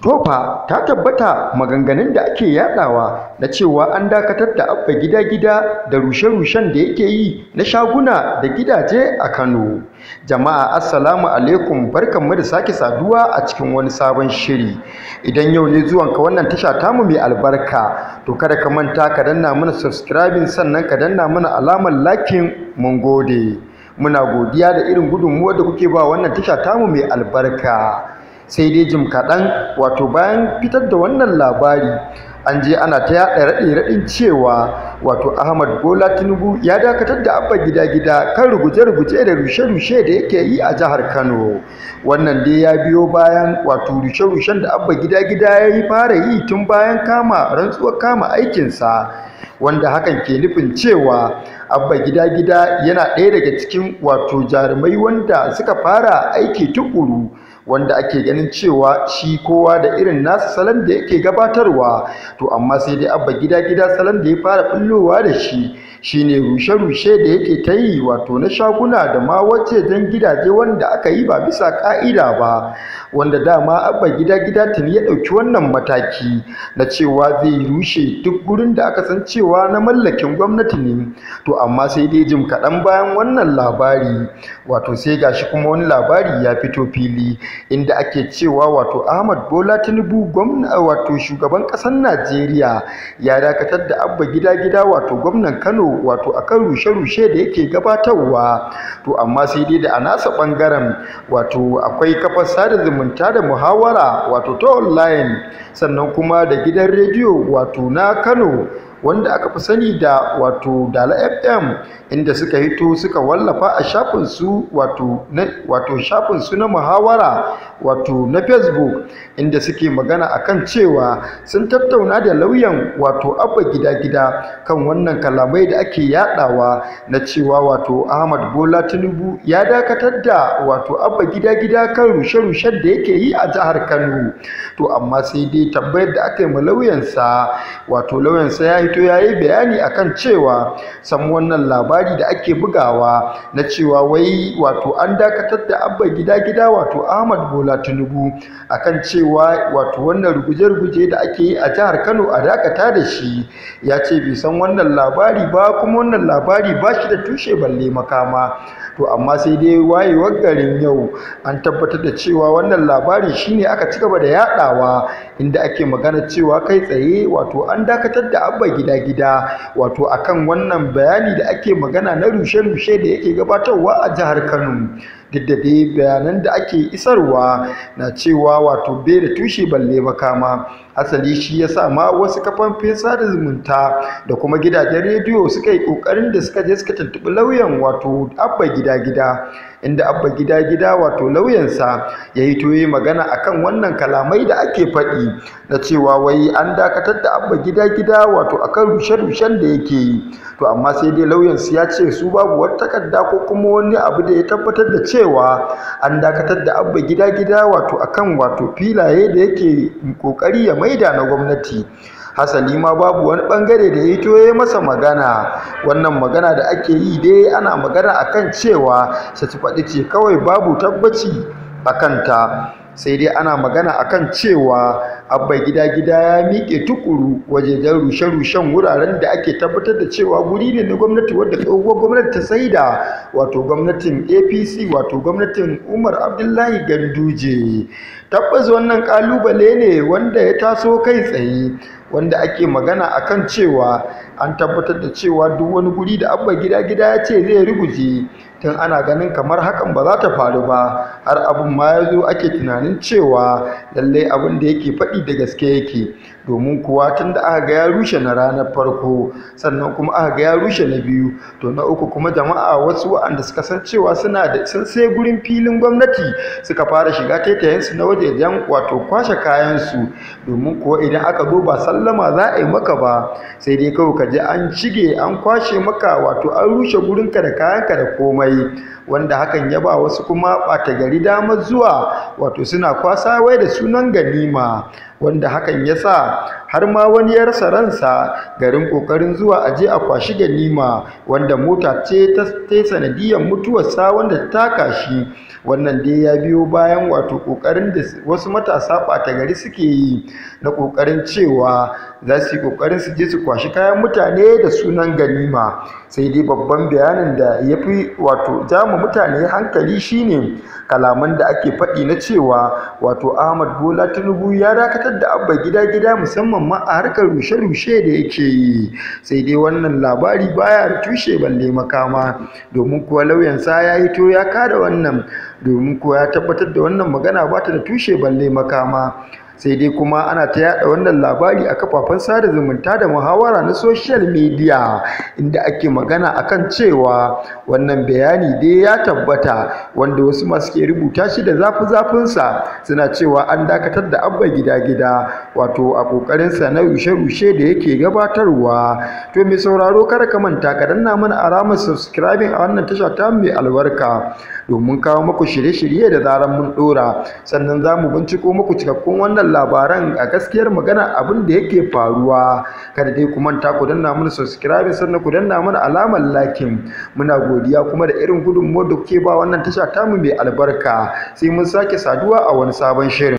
Tofa ta tabbata maganganun da ake yadawa na cewa an dakatar da abba gida-gida da rushe-rushen da yake yi na shaguna da gidaje a Kano. Jama'a assalamu alaikum barkanmu da sake saduwa a cikin wani sabon shiri. Idan yau ne zuwanka wannan tasha tamu mai albarka to kada ka manta ka danna mana subscribing sannan ka danna mana alamar lakin mun gode. Muna godiya da irin gudunmuwar da kuke ba wannan tasha tamu mai albarka. sai dai jim kaɗan wato bayan fitar da wannan labari an je ana ta yaɗa raɗe-raɗin cewa wato ahmad bola tinubu ya dakatar da abba gida-gida kan ruguje-ruguje da rushe-rushe da yake yi a jihar kano wannan dai ya biyo bayan wato rushe-rushen da abba gida-gida ya yi fara yi tun bayan kama rantsuwar kama aikinsa wanda hakan ke nufin cewa abba gida-gida yana ɗaya daga cikin wato jarumai wanda suka fara aiki tukuru wanda ake ganin cewa shi kowa da irin nasa salon da yake gabatarwa to amma sai dai abba gida gida salon da ya fara bullowa da shi shine rushe rushe da yake ta yi wato na shaguna da ma wace don gidaje wanda aka yi ba bisa ka'ida ba wanda dama abba gida gida tuni ya ɗauki wannan mataki na cewa zai rushe duk gurin da aka san cewa na mallakin gwamnati ne to amma sai dai jim kaɗan bayan wannan labari wato sai gashi kuma wani labari ya fito fili inda ake cewa wato ahmad bola tinubu gwamna wato shugaban ƙasar najeriya ya dakatar da abba gida gida wato gwamnan kano wato akan rushe-rushe da yake gabatarwa to amma sai dai da a nasa ɓangaren wato akwai kafar sada zumunta mun da muhawara wato ta online sannan kuma da gidan rediyo wato na Kano wanda aka fi sani da wato dala fm inda suka hito suka wallafa a shafinsu wato shafinsu na muhawara wato na facebook inda suke magana akan cewa sun tattauna da lauyan wato abba gida-gida kan wannan kalamai da ake yadawa na cewa wato ahmad bola tinubu ya dakatar da wato abba gida-gida kan rushe-rushen da yake yi a jihar kano to amma sai dai tambayar da aka yi ma lauyansa lauyansa ya yi nakalto ya yi bayani akan cewa samu wannan labari da ake bugawa na cewa wai wato an dakatar da abba gida gida wato ahmad bola tinubu akan cewa wato wannan ruguje-ruguje da ake yi a jihar kano a dakata da shi ya ce bai san wannan labari ba kuma wannan labari ba shi da tushe balle makama to amma sai dai wayewar garin yau an tabbatar da cewa wannan labarin shine aka ci gaba da yadawa inda ake magana cewa kai tsaye wato an dakatar da abba gida-gida wato akan wannan bayani da ake magana na rushe-rushe da yake gabatarwa a jihar Kano duk bayanan da ake isarwa na cewa wato bai da tushe balle makama asali shi ya sa ma wasu kafafin sada zumunta da kuma gidajen rediyo suka yi kokarin da suka je suka tuntuɓi lauyan wato abba gida gida inda abba gida gida wato lauyansa ya yi toye magana akan wannan kalamai da ake faɗi na cewa wai an dakatar da abba gida gida wato akan rushe-rushen da yake yi to amma sai dai lauyansu ya ce su babu wata takarda ko kuma wani abu da ya tabbatar da ce. cewa an dakatar da abba gida gida wato akan wato filaye da yake kokari ya maida na gwamnati hasali ma babu wani bangare da ya to ya masa magana wannan magana da ake yi dai ana magana akan cewa ci faɗi ce kawai babu tabbaci a kanta sai dai ana magana akan cewa abba gida gida ya miƙe tukuru wajejen rushe-rushen wuraren da ake tabbatar da cewa guri ne na gwamnati wadda tsohuwar gwamnati ta saida wato gwamnatin apc wato gwamnatin umar abdullahi ganduje tabbas wannan kalubale ne wanda ya taso kai tsaye wanda ake magana akan cewa an tabbatar da cewa duk wani guri da abba gida gida ya ce zai ruguje tun ana ganin kamar hakan ba za ta faru ba har abin ma ya zo ake tunanin cewa lallai abin da yake faɗi da gaske yake domin kuwa tun da aka ga ya rushe na ranar farko sannan kuma aka ga ya rushe na biyu to na uku kuma jama'a wasu wa'anda suka san cewa suna da sun sai gurin filin gwamnati suka fara shiga taitayensu na wajejen wato kwashe kayansu domin kuwa idan aka zo ba sallama za a yi maka ba sai dai kawai ka je an cige an kwashe maka wato an rushe gurinka da kayanka da komai wanda hakan ya ba wasu kuma ɓata gari damar zuwa wato suna kwasa wai da sunan ganima wanda hakan ya sa har ma wani ya rasa ransa garin ƙoƙarin zuwa a je a kwashi ganima wanda mota ce ta sanadiyar mutuwarsa wanda ta taka shi wannan dai ya biyo bayan wato ƙoƙarin da wasu matasa ɓata gari suke yi na ƙoƙarin cewa za su yi ƙoƙarin su je su kwashi kayan mutane da sunan ganima sai dai babban bayanin da ya fi wato jama mutane hankali shine kalaman da ake faɗi na cewa wato ahmad bola tinubu ya dakatar da abba gida gida musamman ma a harkar rushe rushe da yake yi sai dai wannan labari baya da tushe balle makama domin kuwa lauyansa ya yi to ya kada wannan domin kuwa ya tabbatar da wannan magana ba ta da tushe balle makama sai dai kuma ana ta yada wannan labari a kafafen sada zumunta da muhawara na social media inda ake magana akan cewa wannan bayani dai ya tabbata wanda wasu masu ke rubuta shi da zafi zafinsa suna cewa an dakatar da abba gida gida wato a kokarin sa na rushe-rushe da yake gabatarwa to mai sauraro kar ka manta ka danna mana alamar subscribing a wannan tasha ta mai albarka domin kawo muku shirye-shirye da zaran mun dora sannan za mu binciko muku cikakkun wannan labaran a gaskiyar magana abin da yake faruwa kada dai ku manta ku danna mana subscribing sannan ku danna mana alamar lakin muna godiya kuma da irin gudunmuwar da kuke ba wannan tasha tamu mai albarka sai mun sake saduwa a wani sabon shirin